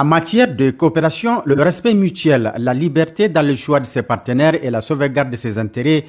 En matière de coopération, le respect mutuel, la liberté dans le choix de ses partenaires et la sauvegarde de ses intérêts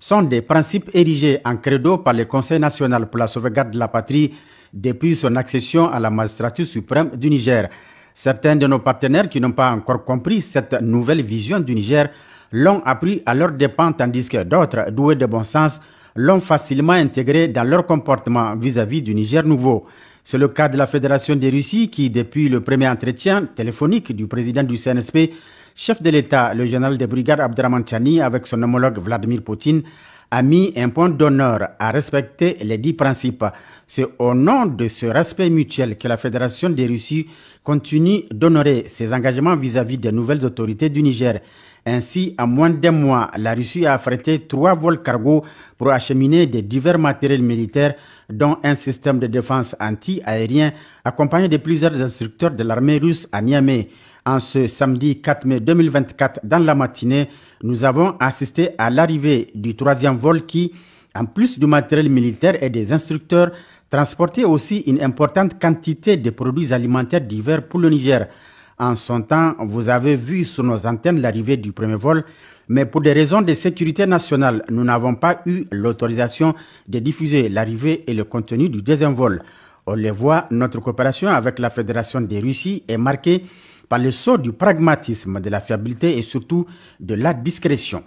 sont des principes érigés en credo par le Conseil national pour la sauvegarde de la patrie depuis son accession à la magistrature suprême du Niger. Certains de nos partenaires qui n'ont pas encore compris cette nouvelle vision du Niger l'ont appris à leur dépens, tandis que d'autres, doués de bon sens, l'ont facilement intégré dans leur comportement vis-à-vis -vis du Niger nouveau. C'est le cas de la Fédération des Russies qui, depuis le premier entretien téléphonique du président du CNSP, chef de l'État, le général des brigades Abdraman Chani, avec son homologue Vladimir Poutine, a mis un point d'honneur à respecter les dix principes. C'est au nom de ce respect mutuel que la Fédération des Russies continue d'honorer ses engagements vis à -vis des nouvelles autorités du Niger. Ainsi, en moins d'un mois, la Russie a affrété trois vols cargo pour acheminer des divers matériels militaires, dont un système de défense anti-aérien accompagné de plusieurs instructeurs de l'armée russe à Niamey. En ce samedi 4 mai 2024, dans la matinée, nous avons assisté à l'arrivée du troisième vol qui, en plus du matériel militaire et des instructeurs, transportait aussi une importante quantité de produits alimentaires divers pour le Niger. En son temps, vous avez vu sur nos antennes l'arrivée du premier vol, mais pour des raisons de sécurité nationale, nous n'avons pas eu l'autorisation de diffuser l'arrivée et le contenu du deuxième vol. On le voit, notre coopération avec la Fédération des Russie est marquée par le saut du pragmatisme, de la fiabilité et surtout de la discrétion.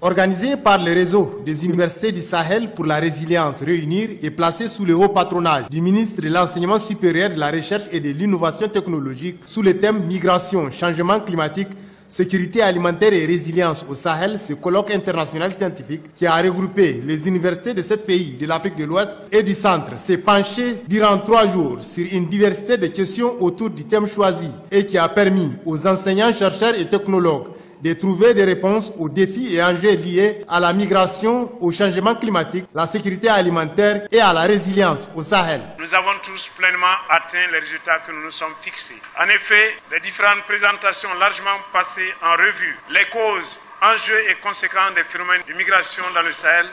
Organisé par le réseau des universités du Sahel pour la résilience Réunir et placé sous le haut patronage du ministre de l'Enseignement supérieur de la recherche et de l'innovation technologique sous le thème Migration, changement climatique, sécurité alimentaire et résilience au Sahel, ce colloque international scientifique qui a regroupé les universités de sept pays de l'Afrique de l'Ouest et du Centre s'est penché durant trois jours sur une diversité de questions autour du thème choisi et qui a permis aux enseignants, chercheurs et technologues de trouver des réponses aux défis et enjeux liés à la migration, au changement climatique, la sécurité alimentaire et à la résilience au Sahel. Nous avons tous pleinement atteint les résultats que nous nous sommes fixés. En effet, les différentes présentations largement passées en revue, les causes, enjeux et conséquences des phénomènes de migration dans le Sahel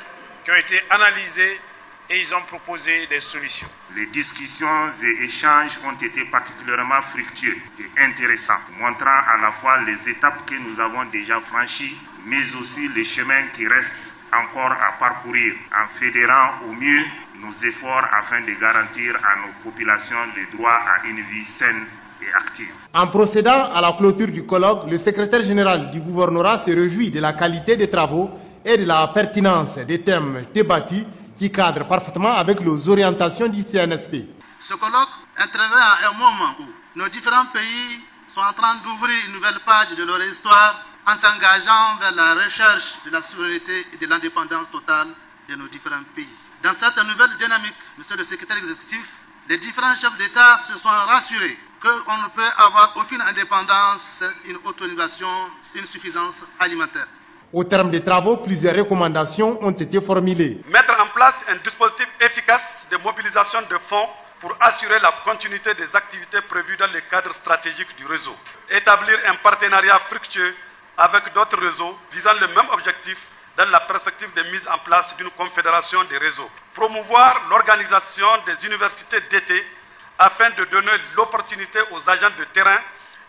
qui ont été analysés et ils ont proposé des solutions. Les discussions et échanges ont été particulièrement fructueux et intéressants, montrant à la fois les étapes que nous avons déjà franchies, mais aussi les chemins qui restent encore à parcourir en fédérant au mieux nos efforts afin de garantir à nos populations le droit à une vie saine et active. en procédant à la clôture du colloque, le secrétaire général du gouvernorat se réjouit de la qualité des travaux et de la pertinence des thèmes débattus qui cadre parfaitement avec les orientations du CNSP. Ce colloque intervient à un moment où nos différents pays sont en train d'ouvrir une nouvelle page de leur histoire en s'engageant vers la recherche de la souveraineté et de l'indépendance totale de nos différents pays. Dans cette nouvelle dynamique, Monsieur le Secrétaire exécutif, les différents chefs d'État se sont rassurés qu'on ne peut avoir aucune indépendance, une autonomisation, une suffisance alimentaire. Au terme des travaux, plusieurs recommandations ont été formulées. Mettre en place un dispositif efficace de mobilisation de fonds pour assurer la continuité des activités prévues dans le cadre stratégique du réseau. Établir un partenariat fructueux avec d'autres réseaux visant le même objectif dans la perspective de mise en place d'une confédération des réseaux. Promouvoir l'organisation des universités d'été afin de donner l'opportunité aux agents de terrain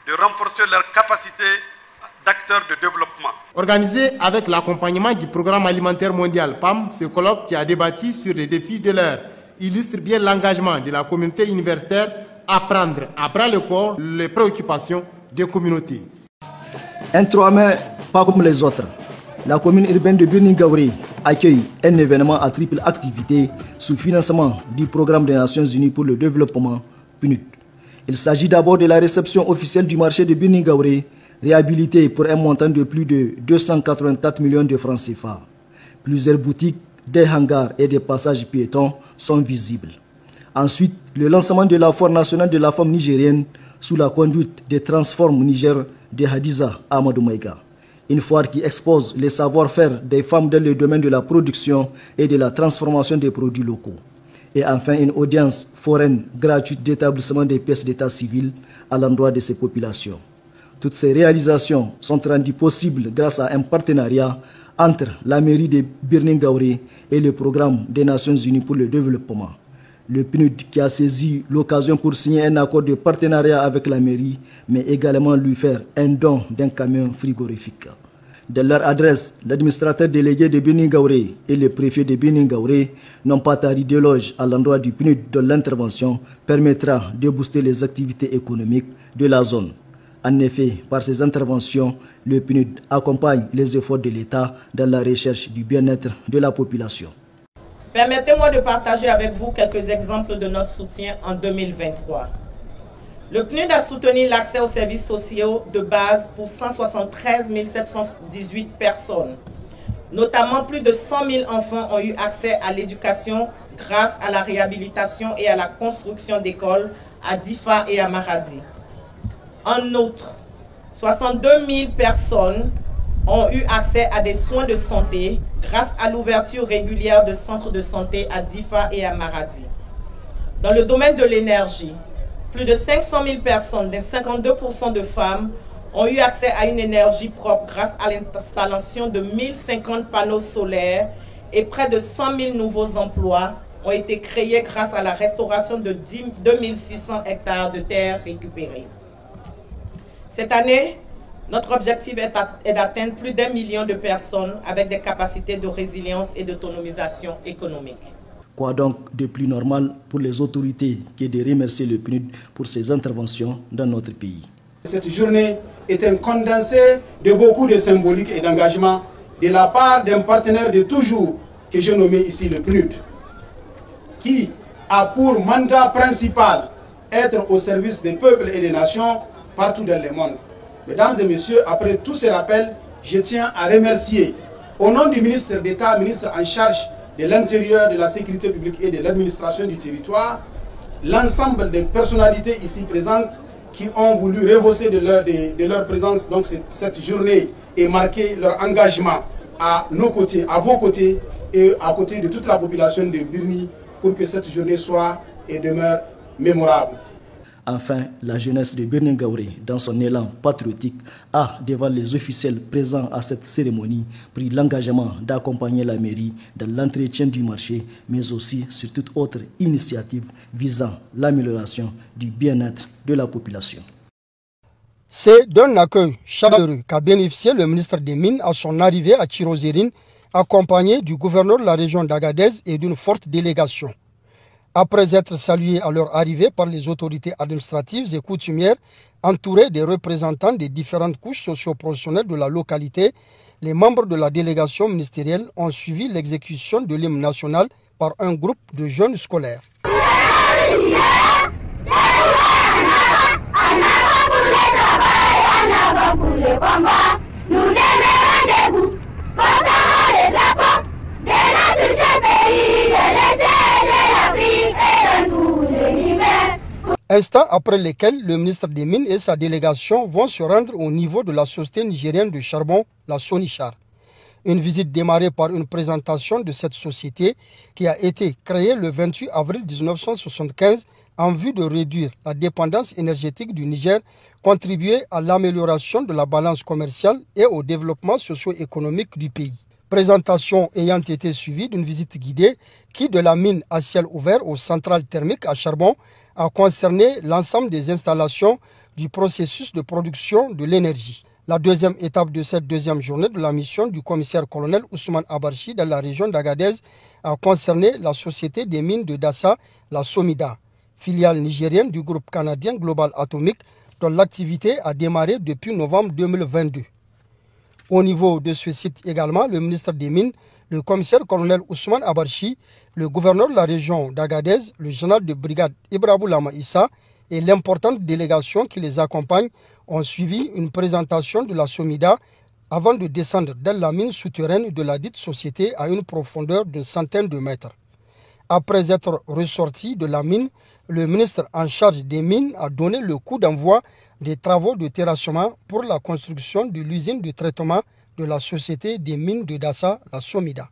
de renforcer leurs capacités d'acteurs de développement. Organisé avec l'accompagnement du Programme alimentaire mondial PAM, ce colloque qui a débattu sur les défis de l'heure illustre bien l'engagement de la communauté universitaire à prendre à bras le corps les préoccupations des communautés. Un 3 mai, pas comme les autres. La commune urbaine de Birningaouri accueille un événement à triple activité sous financement du programme des Nations Unies pour le développement PNUD. Il s'agit d'abord de la réception officielle du marché de Birningaouri réhabilité pour un montant de plus de 284 millions de francs CFA. Plusieurs boutiques, des hangars et des passages piétons sont visibles. Ensuite, le lancement de la foire nationale de la femme nigérienne sous la conduite des Transformes Niger de Hadiza Amadou Maïga. Une foire qui expose les savoir-faire des femmes dans le domaine de la production et de la transformation des produits locaux. Et enfin, une audience foraine gratuite d'établissement des pièces d'état civil à l'endroit de ces populations. Toutes ces réalisations sont rendues possibles grâce à un partenariat entre la mairie de Birningaouré et le programme des Nations Unies pour le développement. Le PNUD qui a saisi l'occasion pour signer un accord de partenariat avec la mairie, mais également lui faire un don d'un camion frigorifique. De leur adresse, l'administrateur délégué de Birningauré et le préfet de Birningauré n'ont pas tari loge à l'endroit du PNUD dont l'intervention permettra de booster les activités économiques de la zone. En effet, par ses interventions, le PNUD accompagne les efforts de l'État dans la recherche du bien-être de la population. Permettez-moi de partager avec vous quelques exemples de notre soutien en 2023. Le PNUD a soutenu l'accès aux services sociaux de base pour 173 718 personnes. Notamment, plus de 100 000 enfants ont eu accès à l'éducation grâce à la réhabilitation et à la construction d'écoles à Difa et à Maradi. En outre, 62 000 personnes ont eu accès à des soins de santé grâce à l'ouverture régulière de centres de santé à Difa et à Maradi. Dans le domaine de l'énergie, plus de 500 000 personnes, des 52 de femmes, ont eu accès à une énergie propre grâce à l'installation de 1050 panneaux solaires et près de 100 000 nouveaux emplois ont été créés grâce à la restauration de 2600 hectares de terres récupérées. Cette année, notre objectif est d'atteindre plus d'un million de personnes avec des capacités de résilience et d'autonomisation économique. Quoi donc de plus normal pour les autorités que de remercier le PNUD pour ses interventions dans notre pays Cette journée est un condensé de beaucoup de symboliques et d'engagements de la part d'un partenaire de toujours que j'ai nommé ici le PNUD, qui a pour mandat principal être au service des peuples et des nations partout dans le monde. Mesdames et messieurs, après tous ces rappels, je tiens à remercier, au nom du ministre d'État, ministre en charge de l'Intérieur, de la Sécurité publique et de l'administration du territoire, l'ensemble des personnalités ici présentes qui ont voulu rehausser de leur, de, leur présence donc cette journée et marquer leur engagement à nos côtés, à vos côtés et à côté de toute la population de Birni pour que cette journée soit et demeure mémorable. Enfin, la jeunesse de Gouré, dans son élan patriotique, a, devant les officiels présents à cette cérémonie, pris l'engagement d'accompagner la mairie dans l'entretien du marché, mais aussi sur toute autre initiative visant l'amélioration du bien-être de la population. C'est d'un accueil chaleureux qu'a bénéficié le ministre des Mines à son arrivée à Tirozérine, accompagné du gouverneur de la région d'Agadez et d'une forte délégation. Après être salués à leur arrivée par les autorités administratives et coutumières, entourés des représentants des différentes couches socioprofessionnelles de la localité, les membres de la délégation ministérielle ont suivi l'exécution de l'hymne national par un groupe de jeunes scolaires. instant après lequel le ministre des Mines et sa délégation vont se rendre au niveau de la société nigérienne de charbon, la Sonichar. Une visite démarrée par une présentation de cette société qui a été créée le 28 avril 1975 en vue de réduire la dépendance énergétique du Niger, contribuer à l'amélioration de la balance commerciale et au développement socio-économique du pays. Présentation ayant été suivie d'une visite guidée qui, de la mine à ciel ouvert aux centrales thermiques à charbon, a concerné l'ensemble des installations du processus de production de l'énergie. La deuxième étape de cette deuxième journée de la mission du commissaire-colonel Ousmane Abarchi dans la région d'Agadez a concerné la société des mines de Dassa, la Somida, filiale nigérienne du groupe canadien Global Atomique, dont l'activité a démarré depuis novembre 2022. Au niveau de ce site également, le ministre des Mines le commissaire-colonel Ousmane Abarchi, le gouverneur de la région d'Agadez, le général de brigade Ibrahim Lama Issa et l'importante délégation qui les accompagne ont suivi une présentation de la Somida avant de descendre dans la mine souterraine de la dite société à une profondeur d'une centaine de mètres. Après être ressorti de la mine, le ministre en charge des mines a donné le coup d'envoi des travaux de terrassement pour la construction de l'usine de traitement de la Société des mines de Dassa, la SOMIDA.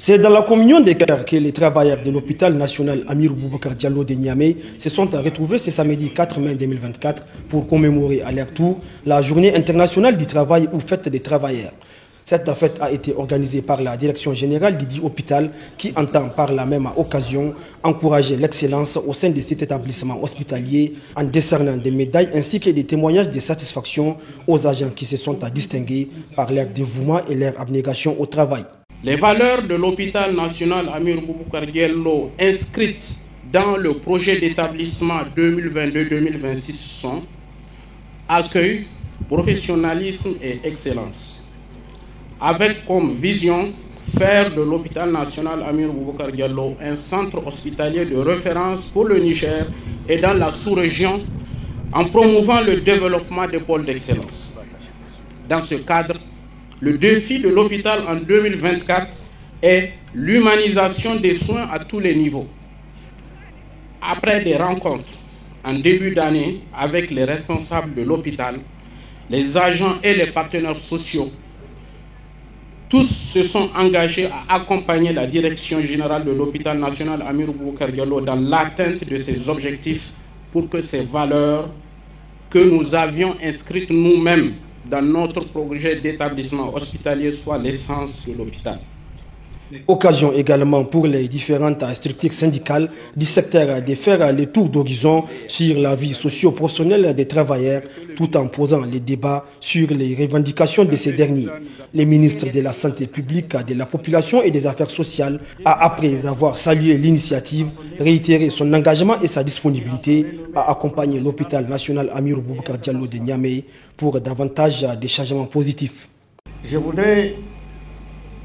C'est dans la communion des cœurs que les travailleurs de l'hôpital national Amir Boubacar de Niamey se sont retrouvés ce samedi 4 mai 2024 pour commémorer à leur tour la journée internationale du travail ou fête des travailleurs. Cette fête a été organisée par la direction générale du hôpital qui entend par la même occasion encourager l'excellence au sein de cet établissement hospitalier en décernant des médailles ainsi que des témoignages de satisfaction aux agents qui se sont distingués par leur dévouement et leur abnégation au travail. Les valeurs de l'hôpital national Amir Bouboukar inscrites dans le projet d'établissement 2022-2026 sont accueil, professionnalisme et excellence avec comme vision faire de l'hôpital national Amir Boubacar Diallo un centre hospitalier de référence pour le Niger et dans la sous-région en promouvant le développement des pôles d'excellence. Dans ce cadre, le défi de l'hôpital en 2024 est l'humanisation des soins à tous les niveaux. Après des rencontres en début d'année avec les responsables de l'hôpital, les agents et les partenaires sociaux, tous se sont engagés à accompagner la direction générale de l'hôpital national Amir Boukar dans l'atteinte de ses objectifs pour que ces valeurs que nous avions inscrites nous-mêmes dans notre projet d'établissement hospitalier soient l'essence de l'hôpital. Occasion également pour les différentes structures syndicales du secteur de faire le tour d'horizon sur la vie socio-professionnelle des travailleurs tout en posant les débats sur les revendications de ces derniers. Le ministre de la Santé publique, de la Population et des Affaires sociales a, après avoir salué l'initiative, réitéré son engagement et sa disponibilité à accompagner l'hôpital national Amir Boubacar Diallo de Niamey pour davantage de changements positifs. Je voudrais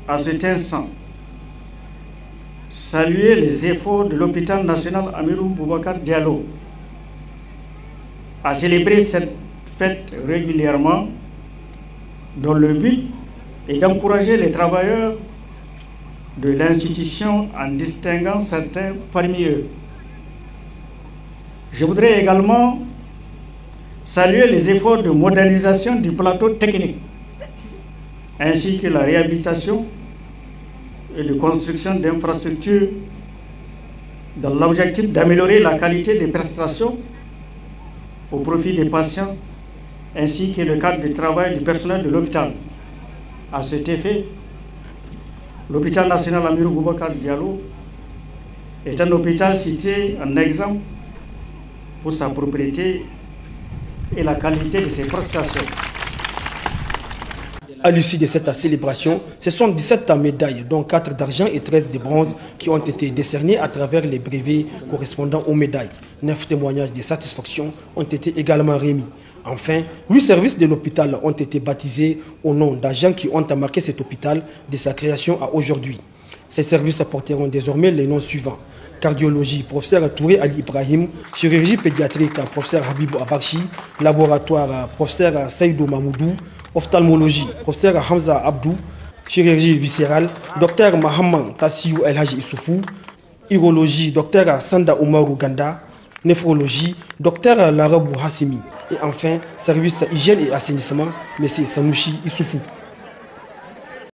à cet instant saluer les efforts de l'hôpital national Amirou Boubacar Diallo à célébrer cette fête régulièrement dont le but est d'encourager les travailleurs de l'institution en distinguant certains parmi eux. Je voudrais également saluer les efforts de modernisation du plateau technique ainsi que la réhabilitation et de construction d'infrastructures dans l'objectif d'améliorer la qualité des prestations au profit des patients ainsi que le cadre de travail du personnel de l'hôpital. À cet effet, l'hôpital national Amir Boubacar Diallo est un hôpital cité en exemple pour sa propriété et la qualité de ses prestations. À l'issue de cette célébration, ce sont 17 médailles, dont 4 d'argent et 13 de bronze, qui ont été décernées à travers les brevets correspondant aux médailles. 9 témoignages de satisfaction ont été également remis. Enfin, huit services de l'hôpital ont été baptisés au nom d'agents qui ont marqué cet hôpital de sa création à aujourd'hui. Ces services apporteront désormais les noms suivants. Cardiologie, professeur Touré Ali Ibrahim. Chirurgie pédiatrique, professeur Habib Abarchi. Laboratoire, professeur Saïdou Mamoudou ophtalmologie, professeur Hamza Abdou, chirurgie viscérale, docteur Mohamed Tassiou Elhaji Isoufou, urologie, docteur Sanda Omar Uganda, néphrologie, docteur Larabou Hassimi, et enfin, service hygiène et assainissement, M. Sanouchi Issoufou.